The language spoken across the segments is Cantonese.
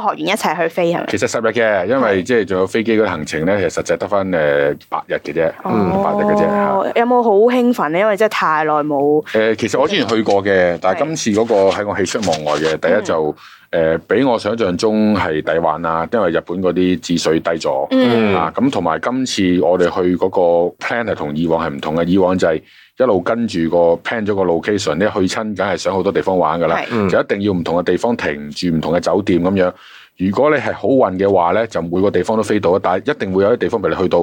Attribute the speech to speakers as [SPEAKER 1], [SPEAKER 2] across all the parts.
[SPEAKER 1] 學員一齊
[SPEAKER 2] 去飛係咪？其實十日嘅，因為即係仲有飛機嗰啲行程咧，其實實際得翻誒八日嘅啫，八日嘅啫
[SPEAKER 1] 吓。有冇好興奮咧？因為真係太耐冇
[SPEAKER 2] 誒。其實我之前去過嘅，嗯、但係今次嗰個喺我喜出望外嘅。第一就誒、是嗯呃，比我想象中係抵玩啊，因為日本嗰啲治水低咗、嗯、啊。咁同埋今次我哋去嗰個 plan 係同以往係唔同嘅，以往就係、是。一路跟住個 plan 咗個 location，你去親梗係想好多地方玩㗎啦，是就一定要唔同嘅地方停住唔同嘅酒店咁樣。如果你係好運嘅話咧，就每個地方都飛到，但係一定會有啲地方譬如你去到，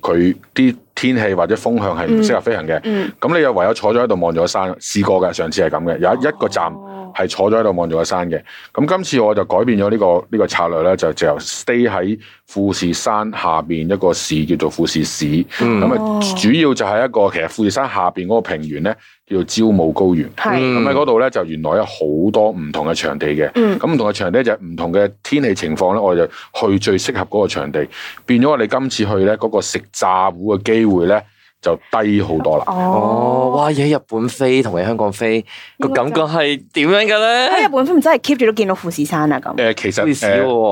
[SPEAKER 2] 佢啲天氣或者風向係唔適合飛行嘅。咁、嗯、你又唯有坐咗喺度望咗山，試過嘅。上次係咁嘅，有一個站。哦係坐咗喺度望住個山嘅，咁今次我就改變咗呢、這個呢、這個策略咧，就就 stay 喺富士山下邊一個市叫做富士市，咁啊、嗯、主要就係一個其實富士山下邊嗰個平原咧叫做朝霧高原，咁喺嗰度咧就原來有好多唔同嘅場地嘅，咁唔、嗯、同嘅場地就係唔同嘅天氣情況咧，我哋就去最適合嗰個場地，變咗我哋今次去咧嗰、那個食炸糊
[SPEAKER 3] 嘅機會咧。就低好多啦！哦，oh. 哇！而喺日本飛同你喺香港飛這個感覺係點樣嘅
[SPEAKER 1] 咧？喺日本飛唔真係 keep 住都見到富士山啊？咁誒、呃，
[SPEAKER 3] 其實誒、
[SPEAKER 2] 啊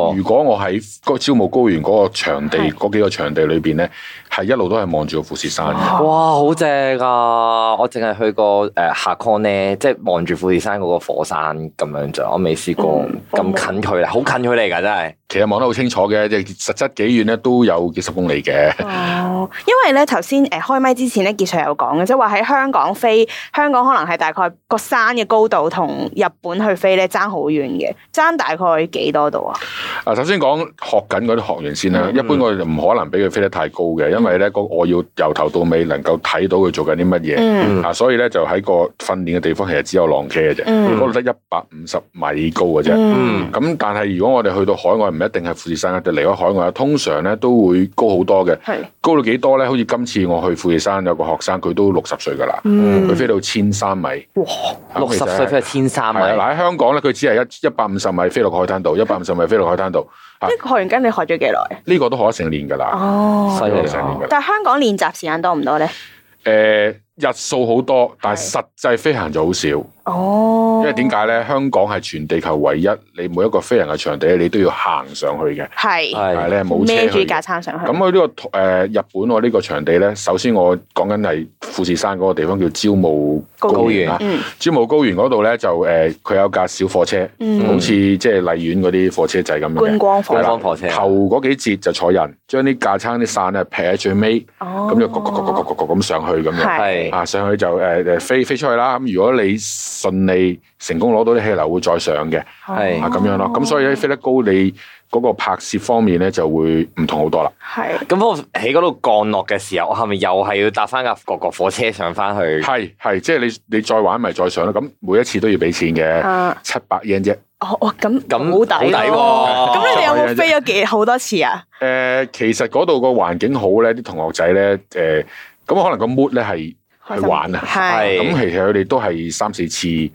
[SPEAKER 2] 呃，如果我喺個朝霧高原嗰個場地嗰是幾個場地裏邊咧，係一路都係望住個富士山
[SPEAKER 3] 嘅。哇，好正啊！我淨係去過誒、呃、下 c o 咧，即係望住富士山嗰個火山咁樣就，我未試過咁、嗯、近佢，好近佢嚟噶真係。真其實望得好清楚嘅，即係實質幾遠咧都有幾十公里嘅。
[SPEAKER 1] 哦，因為咧頭先誒開麥之前咧，傑 Sir 有講嘅，即係話喺香港飛，香港可能係大概個山嘅高度同日本去飛咧爭好遠嘅，爭大概幾多度啊？
[SPEAKER 2] 啊，首先講學緊嗰啲學員先啦，嗯、一般我哋唔可能俾佢飛得太高嘅，因為咧我要由頭到尾能夠睇到佢做緊啲乜嘢，嗯、啊，所以咧就喺個訓練嘅地方其實只有浪茄嘅啫，嗰度、嗯嗯、得一百五十米高嘅啫。咁、嗯嗯、但係如果我哋去到海外。唔一定係富士山，就離開海外通常咧都會高好多嘅，高到幾多咧？好似今次我去富士山，有個學生佢都六十歲噶啦，佢飛到千三米。六十歲飛到千三米。嗱，喺香港咧，佢只係一一百五十米飛落海灘度，一百五十米飛落海灘度。呢個學員跟你學咗幾耐？呢個都學咗成年噶啦，犀利，成年嘅。
[SPEAKER 1] 但係香港練習時間多唔多咧？
[SPEAKER 2] 誒，日數好多，但係實際飛行就好少。哦，因為點解咧？香港係全地球唯一你每一個飛人嘅場地你都要行上去嘅。
[SPEAKER 1] 係，係，
[SPEAKER 2] 你係冇車架撐上去。咁佢呢個誒日本我呢個場地咧，首先我講緊係富士山嗰個地方叫朝霧高原，朝霧高原嗰度咧就誒佢有架小火車，好似即係荔園嗰啲火車仔咁嘅。觀光火車，頭嗰幾節就坐人，將啲架撐啲傘咧擗喺最尾，咁就嗰嗰嗰嗰嗰嗰咁上去咁樣，係啊，上去就誒誒飛飛出去啦。咁如果你順利成功攞到啲氣流會再上嘅，係咁是樣咯。咁、哦、所以喺飛得高，你嗰個拍攝方面咧就會唔同好多啦。
[SPEAKER 3] 係咁，我喺嗰度降落嘅時候，我係咪又係要搭翻架國國火車上翻去？係係，即係你你再玩咪再上咯。
[SPEAKER 2] 咁每一次都要俾錢嘅，七百英啫。哦咁咁好抵好抵喎。咁你哋有冇飛咗
[SPEAKER 1] 幾好多次啊？
[SPEAKER 2] 誒、呃，其實嗰度個環境好咧，啲同學仔咧，誒、呃，咁可能個 mood 咧係。去玩啊！咁其實佢哋都係三四次，咁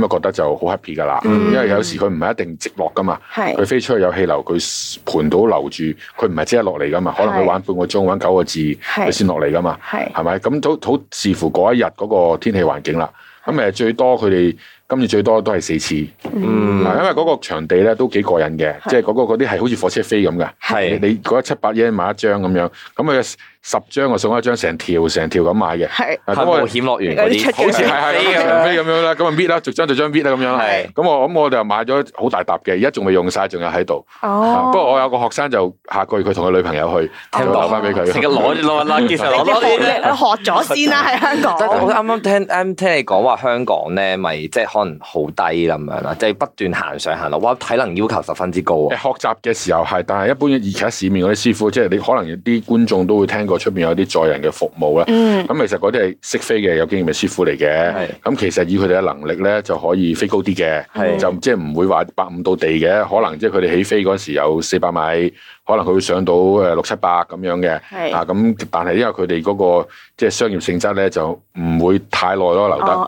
[SPEAKER 2] 就覺得就好 happy 噶啦。因為有時佢唔係一定直落噶嘛，佢飛出去有氣流，佢盤到留住，佢唔係即刻落嚟噶嘛。可能佢玩半個鐘，玩九個字，佢先落嚟噶嘛。係咪？咁都好視乎嗰一日嗰個天氣環境啦。咁誒最多佢哋今次最多都係四次，因為嗰個場地咧都幾過癮嘅，即係嗰個嗰啲係好似火車飛咁嘅。係你嗰七八百嘢買一張咁樣，咁佢。十張我送一張，成條成條咁買嘅。係冒險樂園嗰啲，好似係係梁飛咁樣啦。咁啊搣啦，逐張逐張搣啦咁樣。係。咁我咁我就買咗好大沓嘅，而家仲未用晒，仲有喺度。哦。不過我有個學生就下個月佢同佢女朋友去，聽留翻俾佢。成日攞攞攞，其實你你你學咗先啦，喺香港。我啱
[SPEAKER 3] 啱聽啱聽你講話香港咧，咪即係可能好低咁樣啦，即係不斷行上行落。哇，體能要求十分之高啊！學習嘅時候
[SPEAKER 2] 係，但係一般而家市面嗰啲師傅，即係你可能啲觀眾都會聽。個出面有啲載人嘅服務啦，咁、嗯、其實嗰啲係識飛嘅有經驗嘅師傅嚟嘅，咁是其實以佢哋嘅能力咧就可以飛高啲嘅，是就即係唔會話百五到地嘅，可能即係佢哋起飛嗰時有四百米，可能佢會上到誒六七百咁樣嘅，是啊咁，但係因為佢哋嗰個即係、就是、商業性質咧，就唔會太耐咯，留得會落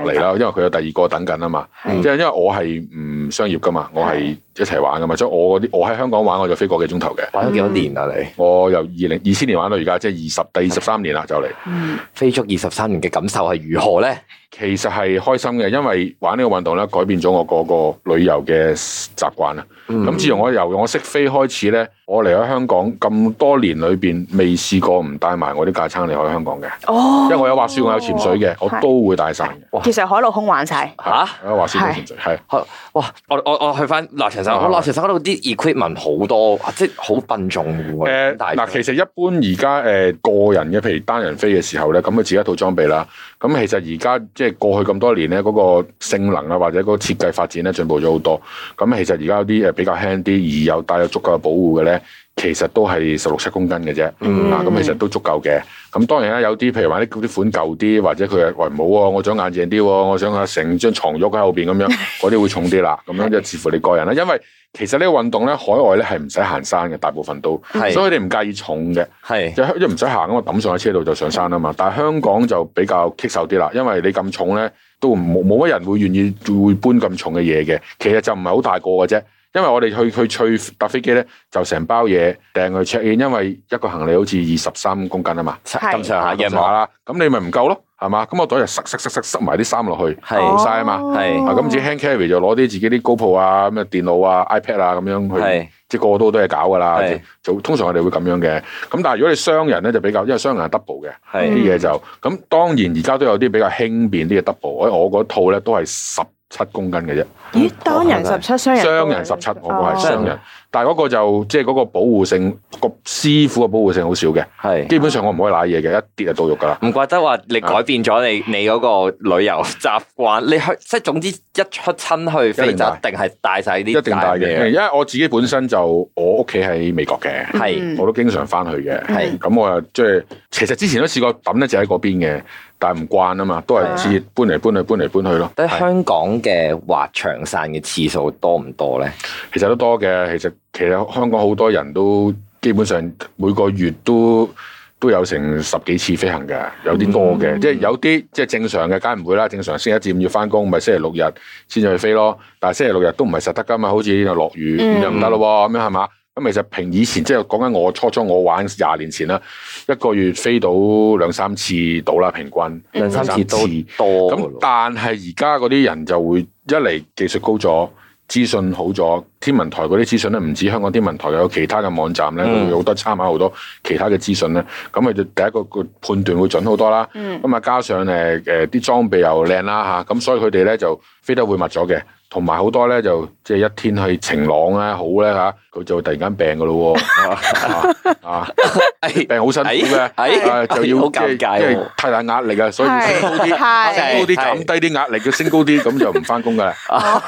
[SPEAKER 2] 嚟啦，啊、白因為佢有第二個等緊啊嘛，即係是、嗯、因為我係唔商業㗎嘛，我係。一齊玩㗎嘛？所以我啲，我喺香港玩，我就飛個幾鐘頭嘅。玩咗幾多年啊？你？我由二零二千年玩到而家，即係二十第二十三年啦，就嚟。嗯。飛足二十三年嘅感受係如何咧？其實係開心嘅，因為玩呢個運動咧改變咗我嗰個旅遊嘅習慣啦。咁自從我由我識飛開始咧，我嚟咗香港咁多年裏邊未試過唔帶埋
[SPEAKER 3] 我啲架撐離開香港嘅。哦。因為我有滑雪，我有潛水嘅，我都會帶晒。嘅。
[SPEAKER 1] 其實海陸空玩曬。嚇？滑
[SPEAKER 3] 雪同潛水係。係。哇！我我我去翻嗱陳。其實我拉住手嗰度啲 equipment 好多，即係好笨重嘅。誒，嗱， 其實一般而家誒個
[SPEAKER 2] 人嘅，譬如單人飛嘅時候咧，咁佢自己一套裝備啦。咁其實而家即係過去咁多年咧，嗰、嗰個性能，啊或者嗰個設計發展咧進步咗好多。咁其實而家有啲誒比較輕啲，而又帶有足夠嘅保護嘅咧，其實都係十六七公斤嘅啫。嗯，嗯，嗱，咁其實都足夠嘅。咁當然啦，有啲譬如話啲啲款舊啲，或者佢誒，喂冇喎，我想硬淨啲喎，我想啊成張床褥喺後邊咁樣，嗰啲 會重啲啦。咁樣就視乎你個人啦。因為其實呢個運動咧，海外咧係唔使行山嘅，大部分都，是所以你唔介意重嘅。係是，就香，就唔使行，咁我抌上喺車度就上山啦嘛。是但係香港就比較棘手啲啦，因為你咁重咧，都冇冇乜人會願意會搬咁重嘅嘢嘅。其實就唔係好大個嘅啫。因為我哋去去翠搭飛機咧，就成包嘢掟去 check in，因為一個行李好似二十三公斤啊嘛，咁上下咁上下啦，咁你咪唔夠咯，係嘛？咁我袋就塞塞塞塞埋啲衫落去，冇晒啊嘛，咁隻 hand carry 就攞啲自己啲 GoPro 啊，咩電腦啊、iPad 啊咁樣去，即係過多好多嘢搞噶啦，就通常我哋會咁樣嘅。咁但係如果你雙人咧就比較，因為雙人係 double 嘅，啲嘢就咁。當然而家都有啲比較輕便啲嘅 double，因為我嗰套咧都係十。七公斤嘅啫，咦？單人十七，雙人雙人十七，我估係雙人。但係嗰個就即係嗰個保護性個師傅嘅保護性好少嘅，係基本上我唔可以攋嘢嘅，一跌就到肉㗎啦。唔
[SPEAKER 3] 怪得話你改變咗你你嗰個旅遊習慣，你去即係總之一出親去就一定係帶晒呢啲。一定帶嘅，因為我自己本
[SPEAKER 2] 身就我屋企喺美國嘅，係我都經常翻去嘅，係咁我又即係其實之前都試過揼一隻喺嗰邊嘅，但係唔慣啊嘛，都係次搬嚟搬去，搬嚟搬去咯。香港嘅滑翔傘嘅次數多唔多咧？其實都多嘅，其實。其實香港好多人都基本上每個月都都有成十幾次飛行嘅，有啲多嘅、嗯。即係有啲即係正常嘅，梗唔會啦。正常星期一至五要返工，咪星期六日先至去飛咯。但係星期六日都唔係實得㗎嘛，好似又落雨，又唔得咯，咁樣係嘛。咁其實平以前即係講緊我初初我玩廿年前啦，一個月飛到兩三次到啦，平均兩、嗯、三次多。咁但係而家嗰啲人就會一嚟技術高咗。資訊好咗，天文台嗰啲資訊咧，唔止香港天文台，有其他嘅網站咧，佢、mm. 有好多參考好多其他嘅資訊咧，咁佢就第一個個判斷會準好多啦。咁啊、mm. 加上誒誒啲裝備又靚啦嚇，咁、啊、所以佢哋咧就飛得會密咗嘅。同埋好多咧，就即係一天去晴朗咧，好咧嚇，佢就突然間病噶咯喎，病好辛苦嘅，就要即係太大壓力啊，所以升高啲，高啲減低啲壓力，要升高
[SPEAKER 3] 啲咁就唔翻工噶啦。哇！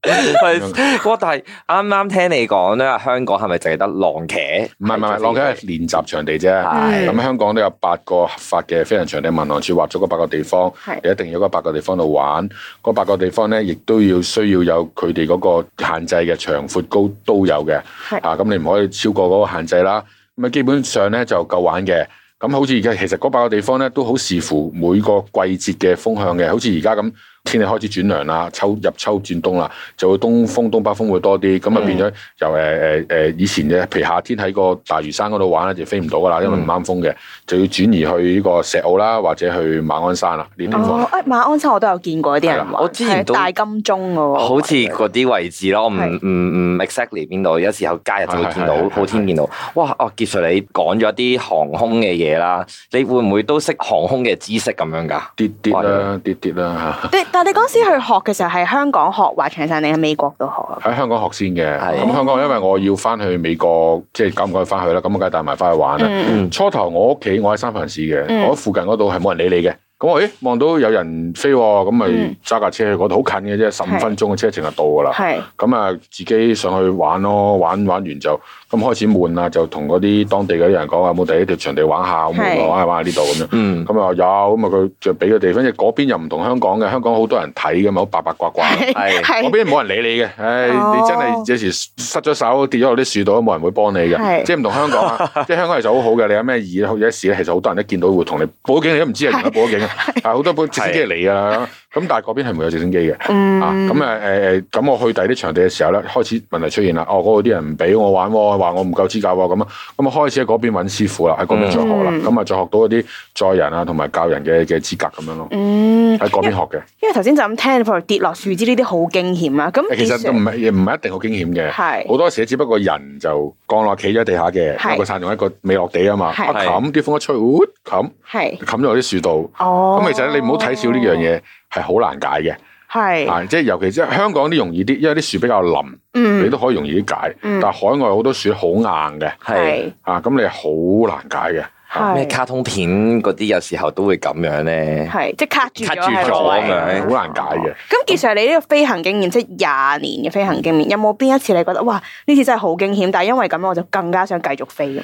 [SPEAKER 3] 但係啱啱聽你講咧，香港係咪淨係得浪茄？唔係唔係唔係，浪茄係練習場地啫。咁香
[SPEAKER 2] 港都有八個合法嘅飛行場地，民航處劃咗嗰八個地方，你一定要喺嗰八個地方度玩。嗰八個地方咧，亦都要需要有佢哋嗰個限制嘅長、闊、高都有嘅，嚇咁係、啊、你唔可以超過嗰個限制啦。咁啊，基本上咧就夠玩嘅。咁好似而家其實嗰八個地方咧都好視乎每個季節嘅風向嘅，好似而家咁。天氣開始轉涼啦，秋入秋轉冬啦，就會東風、東北風會多啲，咁啊變咗由誒誒誒以前嘅，譬如夏天喺個大嶼山嗰度玩就飛唔到噶啦，因為唔啱風嘅，就要轉移去呢個石澳啦，或者去馬鞍山啦呢啲地方。哦，
[SPEAKER 1] 誒馬鞍山我都有見過啲人話，我之前都大金鐘喎，好似
[SPEAKER 3] 嗰啲位置咯，唔唔唔 exactly 邊度，有時候假日就會見到好天見到。哇！哦，傑 Sir 你講咗啲航空嘅嘢啦，你會唔會都識航空嘅知識咁樣噶？啲啲啦，啲啲啦嚇。
[SPEAKER 1] 但係你嗰時去學嘅時候，係香港學，或長城定喺美國都學？喺
[SPEAKER 3] 香港先學先嘅，咁
[SPEAKER 2] 的香港因為我要翻去美國，即係敢唔敢去翻去咧？咁梗係帶埋翻去玩啦、嗯嗯。初頭我屋企，我喺三藩市嘅，嗯、我附近嗰度係冇人理你嘅。咁我誒望到有人飛，咁咪揸架車去嗰度，好近嘅啫，十五分鐘嘅車程就到噶啦。係咁啊，自己上去玩咯，玩玩完就。咁開始悶啦，就同嗰啲當地嗰啲人講話，有冇第一條場地玩下？好唔好玩下呢度咁樣？咁啊有，咁啊佢就俾個地方。即係嗰邊又唔同香港嘅，香港好多人睇嘅嘛，好八八卦卦。係，嗰邊冇人理你嘅。唉，你真係有時失咗手，跌咗落啲樹度都冇人會幫你嘅。即係唔同香港啦，即係香港其實好好嘅。你有咩意咧，好嘢事咧，其實好多人都見到會同你報警，你都唔知係唔係報警。好多部直升機嚟噶。咁但係嗰邊係冇有直升機嘅，嗯、啊，咁誒誒誒，咁我去第二啲場地嘅時候咧，開始問題出現啦，哦、嗯，嗰度啲人唔俾我玩，話我唔夠資格咁啊，咁啊開始喺嗰邊揾師傅啦，喺嗰邊再學啦，咁啊再學到一啲載人啊同埋教人嘅嘅資格咁樣咯，
[SPEAKER 1] 喺嗰邊學嘅。因為頭先就咁聽，跌落樹枝呢啲好驚險啊，咁其實唔係唔
[SPEAKER 2] 係一定好驚險嘅，係好是多時只不過人就降落企咗地下嘅，是山一個傘用一個未落地啊嘛，冚啲是、啊、風一吹，冚，冚咗喺啲樹度，咁是其實你唔好睇少呢樣嘢。係好難解嘅，係，啊，即係尤其即係香港啲容易啲，因為啲樹比較冧，嗯，你都可以容易啲解，
[SPEAKER 3] 但係海外好多樹好硬嘅，係，啊，咁你好難解嘅，咩卡通片嗰啲有時候都會咁樣咧，係，
[SPEAKER 1] 即係卡住卡住咗咁樣，
[SPEAKER 3] 好難解嘅。
[SPEAKER 1] 咁其實你呢個飛行經驗，即係廿年嘅飛行經驗，有冇邊一次你覺得哇呢次真係好驚險，但係因為咁樣我就更加想繼續飛咁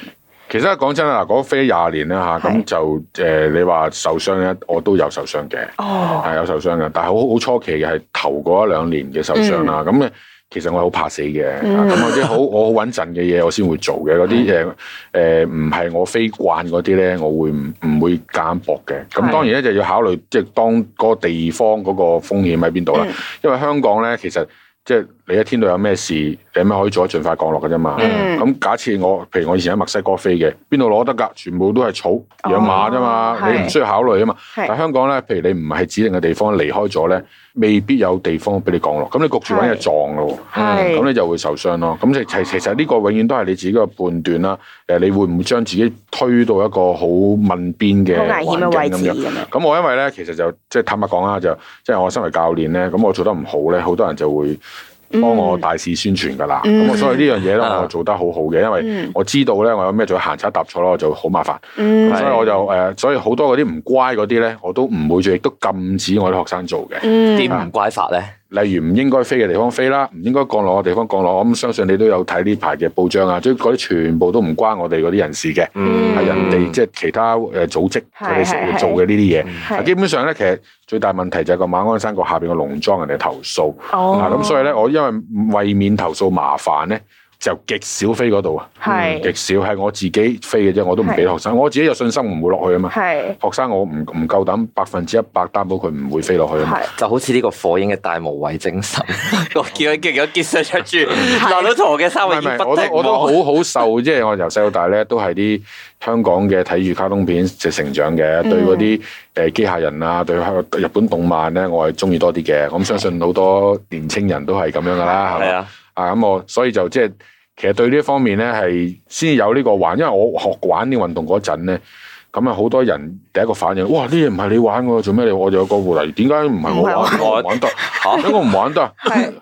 [SPEAKER 2] 其實講真啦，嗱，嗰飛廿年咧吓，咁就誒，你話受傷咧，我都有受傷嘅，係、哦啊、有受傷嘅。但係好好初期嘅，係頭嗰一兩年嘅受傷啦。咁咧、嗯，其實我好怕死嘅，咁或者好我好穩陣嘅嘢我先會做嘅。嗰啲嘢誒唔係我飛慣嗰啲咧，我會唔會夾硬搏嘅？咁當然咧是就要考慮，即係當嗰個地方嗰個風險喺邊度啦。嗯、因為香港咧，其實即係。你一天都有咩事，你咁可以做，得盡快降落嘅啫嘛。咁、嗯、假設我，譬如我以前喺墨西哥飛嘅，邊度攞得噶？全部都係草養、哦、馬啫嘛，是你唔需要考慮啊嘛。是但香港咧，譬如你唔係指定嘅地方離開咗咧，未必有地方俾你降落。咁你焗住搵嘢撞咯，咁你就會受傷咯。咁其其其實呢個永遠都係你自己嘅判斷啦。誒、哦，你會唔會將自己推到一個好問邊嘅危險嘅位置咁樣？咁我因為咧，其實就即係坦白講啦，就即、是、係我身為教練咧，咁我做得唔好咧，好多人就會。幫我大肆宣傳噶啦，咁我、嗯、所以呢樣嘢咧，嗯、我做得好好嘅，因為我知道咧，我有咩做行差踏錯咯，我就好麻煩。咁、嗯、所以我就誒的、呃，所以好多嗰啲唔乖嗰啲咧，我都唔會做，亦都禁止我啲學生做嘅。點唔、嗯、的乖法咧？例如唔應該飛嘅地方飛啦，唔應該降落嘅地方降落，我咁相信你都有睇呢排嘅報章啊，即係嗰啲全部都唔關我哋嗰啲人士嘅，係、嗯、人哋即係其他誒組織佢哋成日做嘅呢啲嘢。是是是基本上咧，其實最大問題就係個馬鞍山個下邊個農莊人哋投訴，嗱，咁、哦、所以咧，我因為為免投訴麻煩咧。就極少飛嗰度啊，極少係我自己飛嘅啫，我都唔俾學生，我自己有信心唔會落去啊嘛。學生我唔唔夠膽百分之一百擔保佢唔會飛落去啊嘛。就好似呢個火影嘅大無畏精神，
[SPEAKER 3] 我叫佢叫咗結實著住，嗱，老陀嘅三位，我我都好
[SPEAKER 2] 好受，即係我由細到大咧都係啲香港嘅睇住卡通片就成長嘅，對嗰啲誒機械人啊，對日本動漫咧，我係中意多啲嘅。咁相信好多年青人都係咁樣噶啦，係啊，啊咁我所以就即係。其實對呢方面咧係先有呢個玩，因為我學玩呢運動嗰陣咧，咁啊好多人第一個反應，哇！呢嘢唔係你玩喎，做咩你我有高護欄？點解唔係我玩？我玩得吓，因為我唔玩得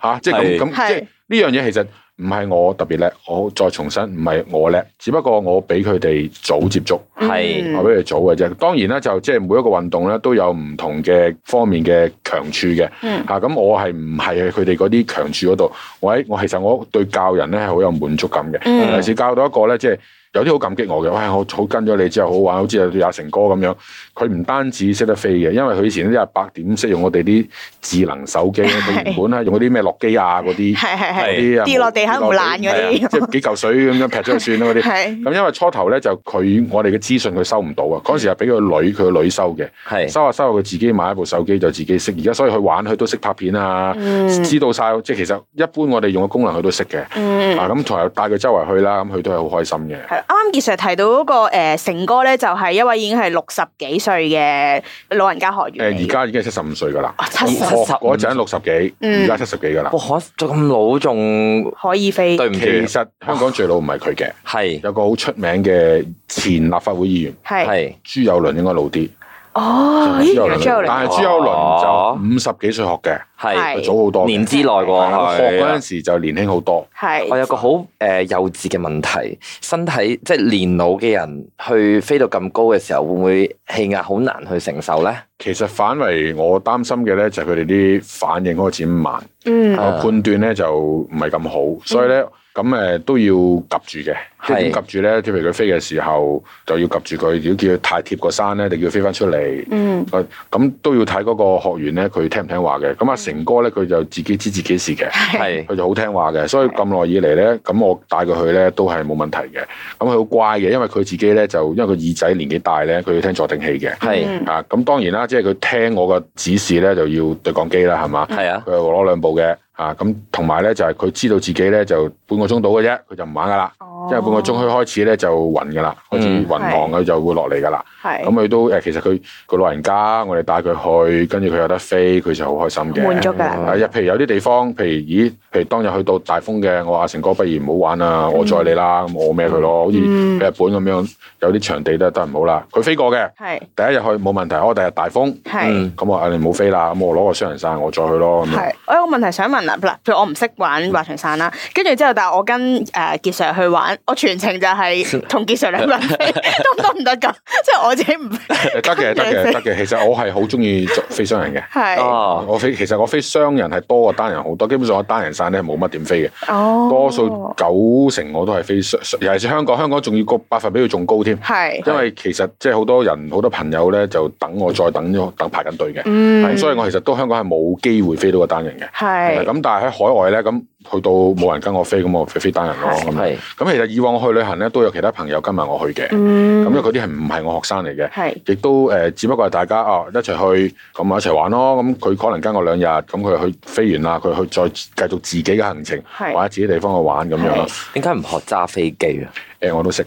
[SPEAKER 2] 吓， 即係咁咁，即係呢樣嘢其實。唔係我特別叻，我再重申，唔係我叻，只不過我俾佢哋早接觸，係的我俾佢哋早嘅啫。當然啦，就即係每一個運動咧，都有唔同嘅方面嘅強處嘅。吓咁的，啊、我係唔係佢哋嗰啲強處嗰度？我喺我其實我對教人咧係好有滿足感嘅，的尤其是教到一個咧即係。有啲好感激我嘅，喂，我好跟咗你之後好玩，好似有阿成哥咁樣，佢唔單止識得飛嘅，因為佢以前咧啲阿伯點識用我哋啲智能手機，原本啊，用嗰啲咩諾基亞嗰啲，跌落地下唔爛嗰啲，即係幾嚿水咁樣劈咗算啦嗰啲。咁因為初頭咧就佢我哋嘅資訊佢收唔到啊，嗰時係俾個女佢個女收嘅，收下收下佢自己買一部手機就自己識，而家所以佢玩佢都識拍片啊，知道晒。即係其實一般我哋用嘅功能佢都識嘅。啊咁，同埋帶佢周圍去啦，咁佢都係好開心嘅。
[SPEAKER 1] 啱啱傑 Sir 提到嗰、那個、呃、成哥呢，就係、是、一位已經係六十幾歲嘅老人家學員。誒，而家
[SPEAKER 2] 已經七十五歲㗎喇，七十嗰陣六十幾，而家七十幾㗎喇。嗯、哇！可咁老仲可以飛？對唔住，其實香港最老唔係佢嘅，係、哦、有個好出名嘅前立法會議員，係是是朱幼麟，應該老啲。哦，但係朱友倫就五十幾
[SPEAKER 3] 歲學嘅，係早好多，年之內喎，學嗰陣時就年輕好多。係我有個好誒幼稚嘅問題，身體即係年老嘅人去飛到咁高嘅時候，會唔會氣壓好難去承受咧？其實反為我擔心嘅咧，就係佢
[SPEAKER 2] 哋啲反應開始慢，嗯，我判斷咧就唔係咁好，所以咧。咁誒都要及住嘅，即係要及住咧。即譬如佢飛嘅時候，就要及住佢。如果叫佢太貼個山咧，就要佢飛翻出嚟。嗯，咁都要睇嗰個學員咧，佢聽唔聽話嘅。咁阿、嗯、成哥咧，佢就自己知自己事嘅，佢是就好聽話嘅。所以咁耐以嚟咧，咁是我帶佢去咧都係冇問題嘅。咁佢好乖嘅，因為佢自己咧就因為佢耳仔年紀大咧，佢要聽助聽器嘅。係是、嗯、啊，咁當然啦，即係佢聽我個指示咧，就要對講機啦，係嘛？係啊，佢係攞兩部嘅。啊，咁同埋咧就係佢知道自己咧，就半個鐘到嘅啫，佢就唔玩噶啦。因為半個鐘佢開始咧就暈噶啦，開始暈航佢就會落嚟噶啦。咁佢都誒，其實佢佢老人家，我哋帶佢去，跟住佢有得飛，佢就好開心嘅。滿足噶。譬如有啲地方，譬如咦，譬如當日去到大風嘅，我話，阿成哥不如唔好玩啦，我載你啦，咁我孭佢咯，好似日本咁樣，有啲場地都得唔好啦。佢飛過嘅，
[SPEAKER 1] 第
[SPEAKER 2] 一日去冇問題，我第二日大風，咁我話你唔好飛啦，咁我攞個雙人傘我再去咯，咁樣。
[SPEAKER 1] 我有個問題想問。嗱，譬如我唔識玩滑翔傘啦，跟住之後，但係我跟誒傑 Sir 去玩，我全程就係同傑 Sir 兩個人飛，得唔得唔得㗎？即係我自己唔
[SPEAKER 2] 得嘅，得嘅，得嘅，得嘅。其實我係好中意飛雙人嘅，係，我飛其實我飛雙人係多過單人好多，基本上我單人傘咧冇乜點飛嘅，哦，多數九成我都係飛雙，尤其是香港，香港仲要個百分比佢仲高添，
[SPEAKER 1] 係，因為
[SPEAKER 2] 其實即係好多人好多朋友咧，就等我再等咗等排緊隊嘅，嗯，所以我其實都香港係冇機會飛到個單人嘅，係。咁但係喺海外呢，咁。去到冇人跟我飛，咁我飛飛單人咯。咁，咁其實以往我去旅行咧，都有其他朋友跟埋我去嘅。咁因為嗰啲係唔係我學生嚟嘅，亦都誒，只不過係大家哦一齊去，咁啊一齊玩咯。咁佢可能跟我兩日，咁佢去飛完啦，佢去再繼續自己嘅行程，或者自己地方去玩咁樣。
[SPEAKER 3] 點解唔學揸飛機啊？誒，我都識。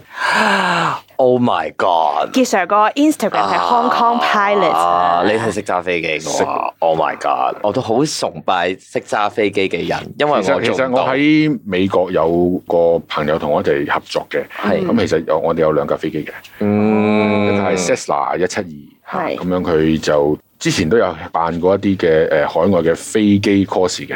[SPEAKER 3] Oh my god！傑 Sir 個 Instagram 係 Hong Kong Pilot。啊，你係識揸飛機㗎？Oh my god！我都好崇拜識揸飛機嘅人，因為我。其實
[SPEAKER 2] 我喺美國有個朋友同我哋合作嘅，咁、嗯嗯嗯、其實有我哋有兩架飛機嘅，係、嗯嗯、Cessna 一七二，咁樣佢就之前都有辦過一啲嘅誒海外嘅飛機 course 嘅，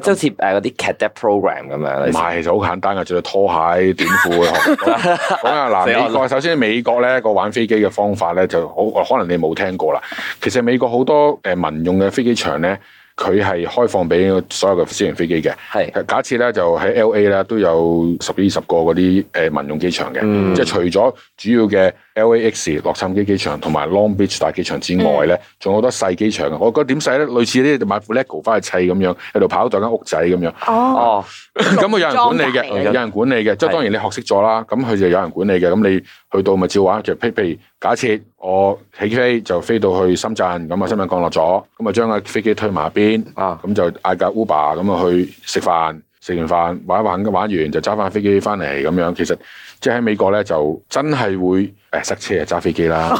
[SPEAKER 2] 即好似嗰啲 cadet program 咁樣。唔係，其實好簡單嘅，着對拖鞋短褲學到。
[SPEAKER 3] 講下嗱，美國 首先
[SPEAKER 2] 美國咧個玩飛機嘅方法咧就好，可能你冇聽過啦。其實美國好多誒民用嘅飛機場咧。佢係開放俾所有嘅私人飛機嘅。係是。假設咧就喺 L A 咧都有十幾二十個嗰啲誒民用機場嘅。嗯、即係除咗主要嘅 L A X 洛杉磯機，機場同埋 Long Beach 大機場之外咧，仲、嗯、有好多細機場嘅。我覺得點細咧？類似呢，買副 Lego 翻去砌咁樣，喺度跑到間屋仔咁樣。
[SPEAKER 3] 哦。咁佢、哦、 有人管理嘅，有人
[SPEAKER 2] 管理嘅。即係是當然你學識咗啦，咁佢就有人管理嘅。咁你去到咪照玩，就譬譬如。假設我起飛就飛到去深圳，咁啊深圳降落咗，咁啊將架飛機推埋一邊，咁就嗌架 Uber 咁啊去食飯，食完飯玩一玩玩完就揸翻架飛機翻嚟。咁樣其實即係喺美國咧就真係會誒、哎、塞車啊揸飛機
[SPEAKER 3] 啦，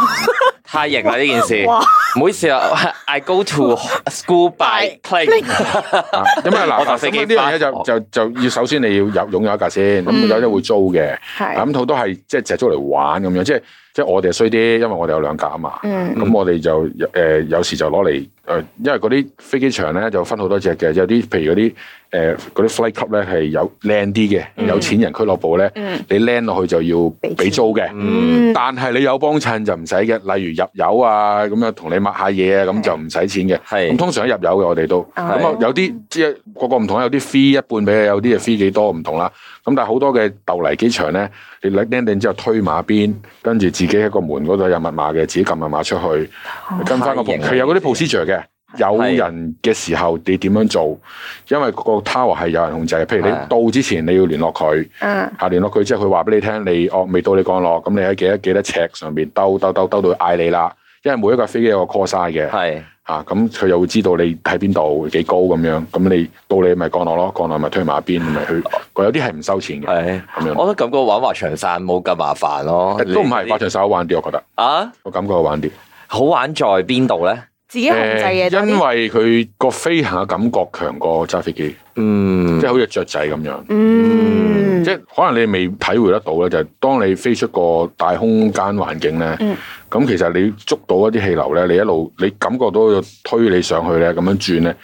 [SPEAKER 3] 太型啦呢件事，唔哇 好意思啊哇，I go to school by plane，咁啊，嗱，架飛機咧
[SPEAKER 2] 就就就，就要首先你要有擁有一架先，咁、嗯、有啲會租嘅，咁好多係即係借租嚟玩咁樣，即係。即即即係我哋衰啲，因為我哋有兩架啊嘛。咁我哋就誒有時就攞嚟誒，因為嗰啲飛機場咧就分好多隻嘅，有啲譬如嗰啲誒嗰啲 fly club 咧係有靚啲嘅，有錢人俱樂部咧，你 land 落去就要俾租嘅。但係你有幫襯就唔使嘅，例如入油啊咁樣，同你抹下嘢啊咁就唔使錢嘅。咁通常都入油嘅我哋都。咁啊有啲即係個個唔同，有啲 free 一半俾，有啲又 free 幾多唔同啦。咁但係好多嘅逗泥機場咧，你 landing 之後推馬邊，跟住自己喺個門嗰度有密碼嘅，自己撳密碼出去，跟翻個門。有嗰啲 procedure 嘅，有人嘅時候你點樣做？因為個 tower 係有人控制，譬如你到之前你要聯絡佢，嚇聯絡佢之後佢話俾你聽，你哦未到你降落，咁你喺幾多幾多尺上邊兜兜兜兜到嗌你啦。因為每一架飛機有個 course 嘅。啊，咁佢、嗯、又會知道你喺邊度幾高咁樣，咁、嗯、你到你咪降落咯，降落咪推埋一邊咪去。佢有啲係唔收
[SPEAKER 3] 錢嘅，咁的樣。我都感覺玩滑翔傘冇咁麻煩咯，都唔係是滑翔傘好玩啲，我覺得。啊！我感覺好玩啲。好玩在邊度咧？自己控制、誒、呃，因為佢
[SPEAKER 2] 個飛行嘅感覺強過揸飛機，嗯，即係好似雀仔咁樣，嗯，即係可能你未體會得到咧，就係、是、當你飛出個大空間環境咧，嗯，咁其實你捉到一啲氣流咧，你一路你感覺到推你上去咧，咁樣轉咧，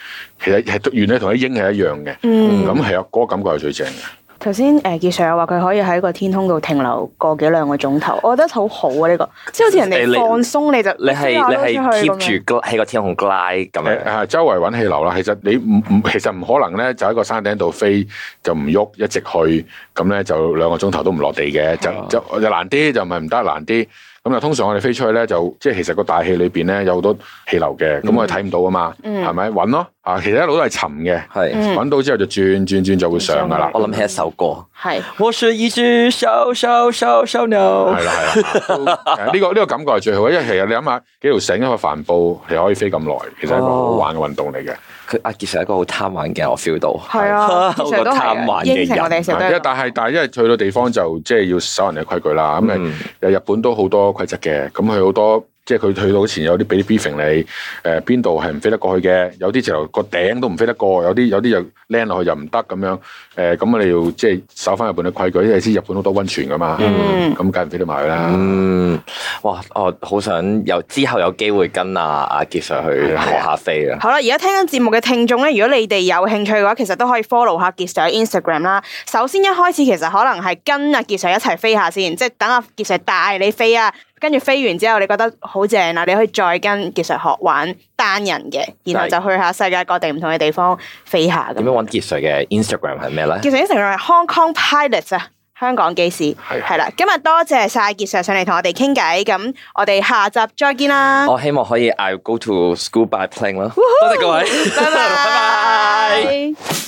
[SPEAKER 2] 其實係原來同啲鷹係一樣嘅，嗯，咁係啊，嗰感覺係最正嘅。
[SPEAKER 1] 頭先誒傑 Sir 話佢可以喺個天空度停留個幾兩個鐘頭，我覺得好好啊、這個！呢個即係好似人哋放鬆，你，你就飛是下你係你係 keep 住
[SPEAKER 3] 喺個天空 glide 咁樣。啊，周圍揾
[SPEAKER 2] 氣流啦。其實你唔唔，其實唔可能咧，就喺個山頂度飛就唔喐，一直去咁咧，就兩個鐘頭都唔落地嘅，就就的就難啲，就唔係唔得難啲。咁啊，通常我哋飛出去咧，就即係其實個大氣裏邊咧有好多氣流嘅，咁、嗯、我哋睇唔到㗎嘛，係咪揾咯？啊，其實一路都係沉嘅，揾、嗯、到之後就轉轉轉就會上㗎喇。我諗起一首歌，
[SPEAKER 3] 係是我是一隻小小小小，小鳥。係啦係啦，呢、這個呢、這個
[SPEAKER 2] 感覺係最好嘅， 因為其實你諗下幾條繩一個帆布你可以飛咁耐，其實係一個好玩嘅運動嚟嘅。哦佢阿、啊、傑其實係一個好貪玩嘅，我 feel 到。係啊，好貪玩嘅人。一、嗯、但係但係，因為去到地方就即係、就是、要守人哋規矩啦。咁啊、嗯，日本都好多規則嘅。咁佢好多即係佢去到之前有啲俾啲 briefing 你。誒邊度係唔飛得過去嘅？有啲就個頂都唔飛得過。有啲有啲又 land 落去又唔得咁樣。誒咁我哋要即係守
[SPEAKER 3] 翻日本嘅規矩，因為知日本好多溫泉㗎嘛，咁梗係唔捨得埋啦。嗯，哇！我好想有之後有機會跟阿阿傑 Sir 去學下飛啊！
[SPEAKER 1] 好啦，而家聽緊節目嘅聽眾咧，如果你哋有興趣嘅話，其實都可以 follow 下傑 Sir 嘅 Instagram 啦。首先一開始其實可能係跟阿傑 Sir 一齊飛下先，即係等阿傑 Sir 帶你飛啊。跟住飛完之後，你覺得好正啦，你可以再跟傑 Sir 學玩。單人嘅，然後就去下世界各地唔同嘅地方飛下咁。點
[SPEAKER 3] 樣揾傑 Sir 嘅 Instagram 係咩咧？傑 Sir
[SPEAKER 1] 嘅 Instagram 係 Hong Kong Pilots 啊，香港機師係啦。今日多謝曬傑 Sir 上嚟同我哋傾偈，咁我哋下集再見啦。我
[SPEAKER 3] 希望可以 I'll go to school by plane 囉。多謝各位，拜
[SPEAKER 1] 拜。